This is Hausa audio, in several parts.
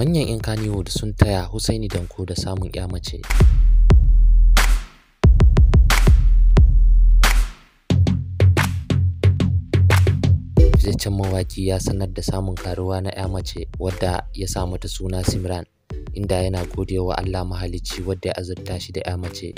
Manyan 'yan da sun taya Hussaini Danko da samun 'ya mace. Fitaccen mawaki ya sanar da samun karuwa na 'ya mace wadda ya samu ta suna Simran, inda yana godewa Allah mahalicci wadda ya azurta shi da 'ya mace.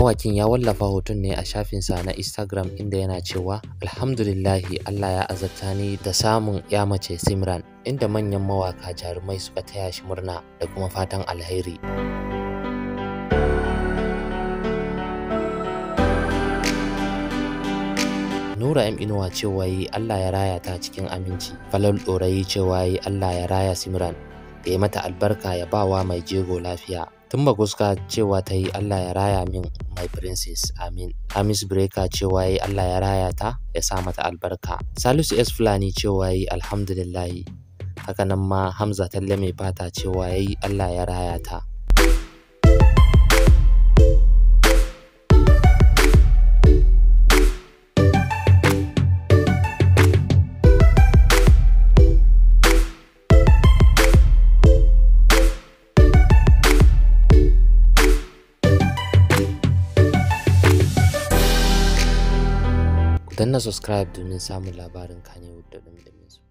Mawakin ya wallafa hoton ne a shafinsa na Instagram inda yana cewa, Alhamdulillahi Allah ya azabta ni da samun ya mace Simran, inda manyan mawaka jarumai suka taya shi murna da kuma fatan alheri. Nura M Inuwa cewa yi Allah ya raya ta cikin aminci. Falal Ɗorayi cewa yi Allah ya raya Simran, da ya mata albarka ya bawa mai jego lafiya. tun kuska cewa ta yi allah ya raya min my princess amin hamis breaker cewa ya yi allah ya raya ta ya sa mata albarka salisu s fulani cewa ya yi alhamdulillahi hakanan ma hamza talle mai fata cewa ya yi allah ya raya ta danna subscribe domin samun labarin Kanye Wood da ɗumɗuminsu.